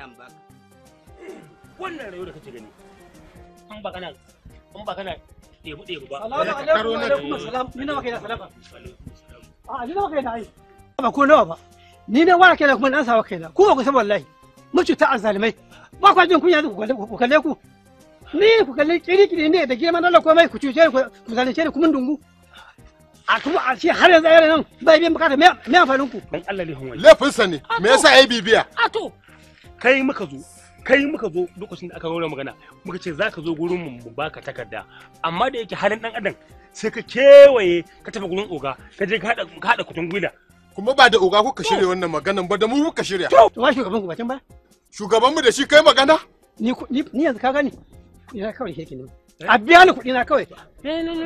come back wannan rayuwar da kake gani an ba kana an ba kana ɗebu ɗebu ba salamu alaikum salam ni nawa kai da salama a ni nawa kai da ai ba ko nawa ba ni ne wara kai da kuma dan sawa kai da ku ba ku san wallahi mucuta azzalimai ba ku jin kunya ku kalle ku ni ku kalle kiri kiri ne da girman Allah komai ku cuce ku zalunce ni kuma dungu a kuma a ce har yanzu a nan bai biyan bukata me amfanin ku dan Allah ne hanwai laifin sa ne me yasa yayi bibiya a to kai muka zo kai muka zo lokacin da aka gauna magana muka ce za ka zo gurin mu baka takarda amma da yake halin dan adam sai ka kewaye ka tafi gurin oga ka je ka hada ka kutun gwila kuma ba da oga kuka shirya wannan maganan ba da mu kuka shirya to wa shugaban ku ba can ba shugaban mu da shi kai magana ni ni yanzu ka gani ina kawai shi kenan eh? a biya ni kudi na kawai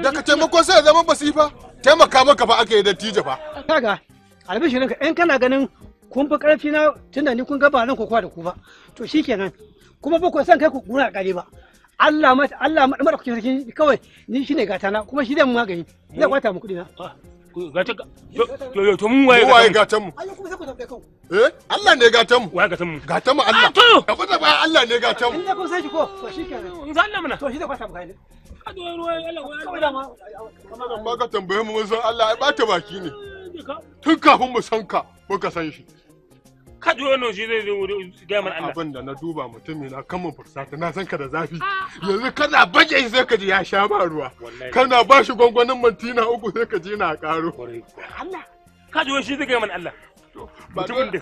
daga taimako sai ya zama basifa taimaka maka ba aka yi da tija fa kaga ka in kana ganin kun fi karfi na tunda ni kun gaba nan kokowa da ku ba to shikenan kuma ba ku san kai ku gura kare ba Allah ma Allah da ku sarki kawai ni shine gata na kuma shi zan magani zai kwata mu kudi na ah, gata yo to mun waye waye gatan mu Allah kuma sai ku eh Allah ne gatan mu waye gatan mu mu Allah ka ah, kwata ba Allah ne gatan mu inda kun sai shi ko to shikenan in zalla mana to shi zai kwata mu kai ne ka tambaye mu mun san Allah ai baki ne ah, tun kafin mu san ka muka san shi ka ji wannan shi zai zai gaya mana Allah abin da na duba mutum na kan fursata na san ka da zafi ah. yanzu kana baje shi sai ka ji ya sha ba ruwa kana ba shi gwangwanin mantina uku sai ka ji na karo Allah ka ji wannan shi zai gaya mana Allah mutumin da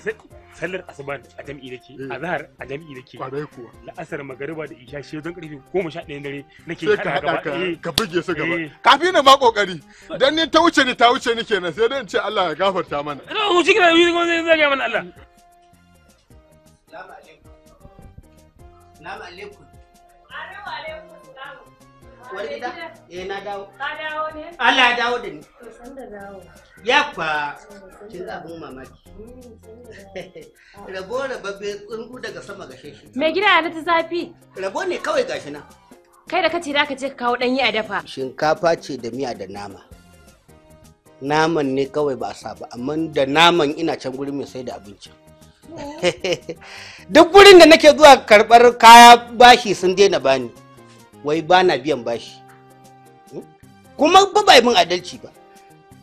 sallar asuba a jami'i nake eh. zahar a jami'i nake kwarai kuwa la'asar magariba da isha shi don karfe 11 dare nake hada gaba ka buge su gaba eh. kafin na ma kokari dan ni ta wuce ni ta wuce ni kenan sai dan ce Allah ya gafarta mana ina mu shi kira yi ko zai mana Allah Salamu alaikum. Salamu alaikum. Salamu alaikum. Wani gida? Eh na dawo. Ka dawo ne? Allah ya dawo da ni. To san da dawo. Ya kwa. Eh, Kin abun mamaki. Mm, Rabo babbe tsungu daga sama ga sheshi. Me gida ya ta zafi? Rabo ne kawai gashi nan. Kai da kace da ka je ka kawo danyi a dafa. Shinkafa ce da miya da nama. Naman ne kawai ba a sa ba, amma da naman ina can gurin mai sai da abincin. duk gurin da nake zuwa karbar kaya bashi sun daina bani wai ba na biyan bashi hmm? kuma ba ba min adalci ba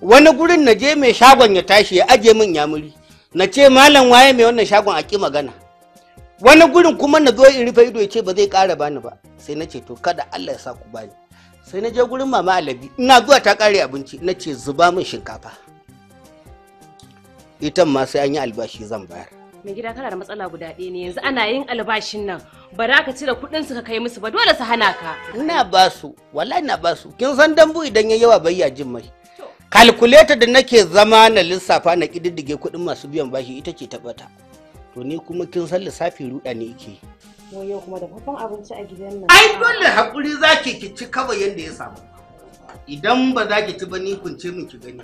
wani gurin na je mai shagon ya tashi ya aje min yamuri na ce malam waye mai wannan shagon a ƙi magana wani gurin kuma na zo in rufe ido ya ce ba zai ƙara bani ba sai na ce to kada allah ya sa ku bani sai na je gurin mama alabi ina zuwa ta kare abinci na ce zuba min shinkafa ita ma sai an yi albashi zan bayar mai gida kana da matsala guda ɗaya ne yanzu ana yin albashin nan ba za ka cire kuɗin su ka kai musu ba dole su hana ka ina ba su wallahi ina ba su kin san dambu idan ya yawa bai ya jin mai kalkuleta da nake zama na lissafa na kididdige kuɗin masu biyan bashi ita ce tabbata to ni kuma kin san lissafi ruɗa ne yake yau kuma da babban abinci a gidan nan ai dole hakuri zaki ki ci kawai yanda ya samu idan ba za ki ci ba ni kunce min ki gani